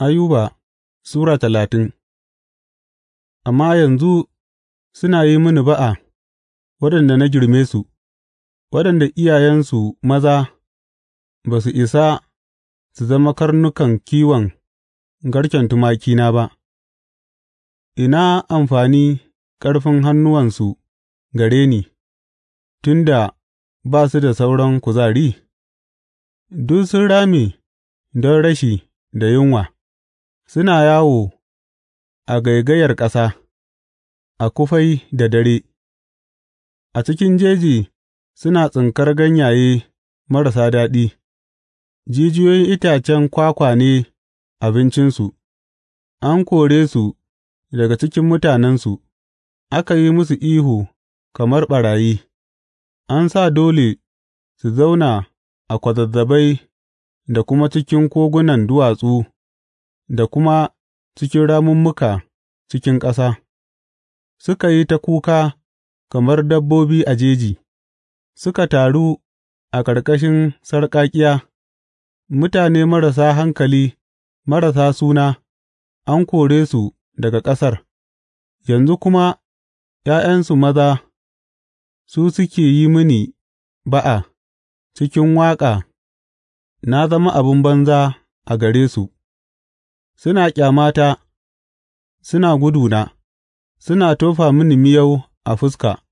Ayuba Sura talatin Amma yanzu suna yi mini ba'a waɗanda na girme su, waɗanda iyayensu maza ba su isa su zama karnukan kiwon garken tumakina ba, ina amfani ƙarfin hannuwansu gare ni, tun da ba su da sauran kuzari? Duk sun rame don rashi da yunwa. Suna yawo a gaigayar ƙasa, a kufai da dare; a cikin jeji suna tsinkar ganyaye marasa daɗi, jijiyoyin itacen kwakwa ne abincinsu; an kore su daga cikin mutanensu, aka yi musu ihu kamar ɓarayi, an sa dole su zauna a kwazazzabai da kuma cikin kogunan duwatsu. da kuma cikin ramummuka cikin ƙasa, suka yi ta kuka kamar dabbobi a jeji, suka taru a ƙarƙashin sarƙaƙiya, mutane marasa hankali, marasa suna, an kore su daga ƙasar, yanzu kuma ’ya'yansu maza su suke yi mini ba'a cikin waƙa, na zama abin banza a gare su. Suna ƙyamata suna guduna; suna tofa mini miyau a fuska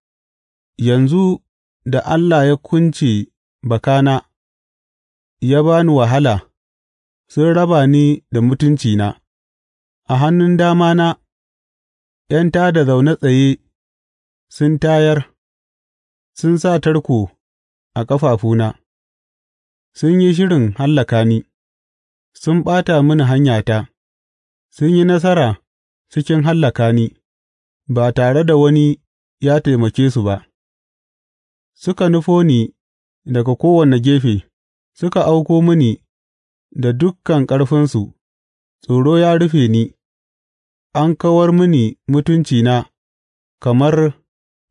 yanzu da Allah ya kunce bakana ya ba ni wahala, sun raba ni da mutuncina; a hannun damana ’yan ta da zaune tsaye sun tayar sun sa tarko a ƙafafuna; sun yi shirin hallaka ni, sun ɓata mini hanyata. Sun yi nasara cikin hallaka ni, ba tare da wani ya taimake su ba; suka nufo ni daga kowane gefe, suka auko mini da dukkan ƙarfinsu, tsoro ya rufe ni, an kawar mini mutuncina kamar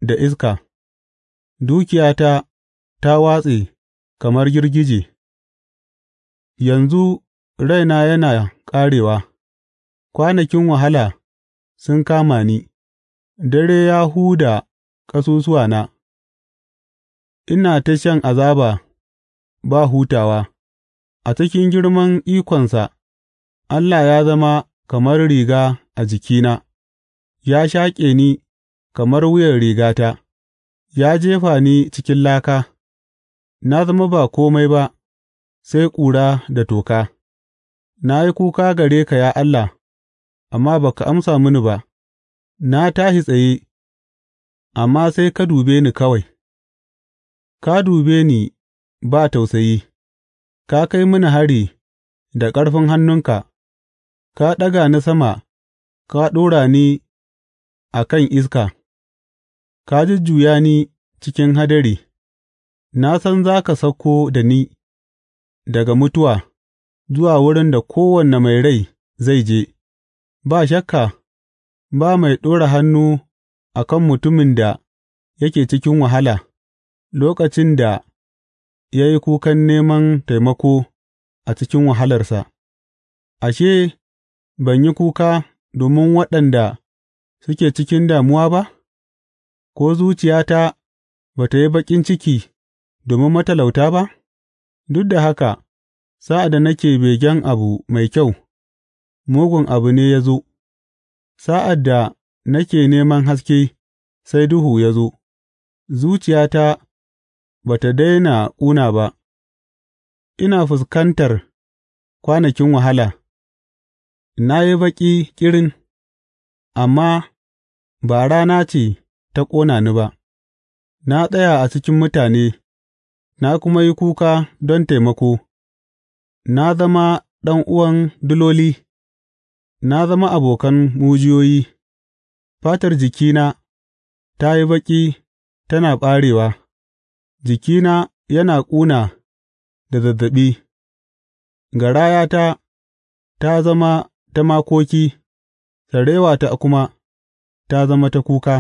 da iska, dukiyata ta watse kamar girgije, yanzu raina yana ƙarewa. Kwanakin wahala sun kama ni; dare ya huda ƙasusuwana, ina ta shan azaba ba hutawa; a cikin girman ikonsa Allah ya zama kamar riga a jikina, ya shaƙe ni kamar wuyan rigata, ya jefa ni cikin laka, na zama ba komai ba sai ƙura da toka; na yi kuka gare ka, ya Allah. amma ba ka amsa mini ba, na tashi tsaye, amma sai ka dube ni kawai, ka dube ni ba tausayi, ka kai mini hari da ƙarfin hannunka, ka ɗaga ni sama, ka ɗora ni a kan iska, ka jujjuya ni cikin hadari, na san za ka sauko da ni daga mutuwa zuwa wurin da kowane mai rai zai je. ba shakka ba mai ɗora hannu a kan mutumin da yake cikin wahala lokacin da ya yi kukan neman taimako a cikin wahalarsa, ashe, ban yi kuka domin waɗanda suke cikin damuwa ba, ko zuciyata ba ta yi baƙin ciki domin matalauta ba, duk da haka, sa'ad da nake begen abu mai kyau. mugun abu ne ya zo, sa'ad da nake neman haske, sai duhu ya zo, zuciyata ba ta daina ƙuna ba, ina fuskantar kwanakin wahala, na yi baƙi ƙirin, amma ba rana ce ta ƙona ni ba, na tsaya a cikin mutane, na kuma yi kuka don taimako, na zama ɗan'uwan diloli. na zama abokan mujiyoyi, fatar jikina ta yi baƙi tana ɓarewa, jikina yana ƙuna da zazzaɓi, garayata ta zama ta makoki, sarewata kuma ta zama ta kuka.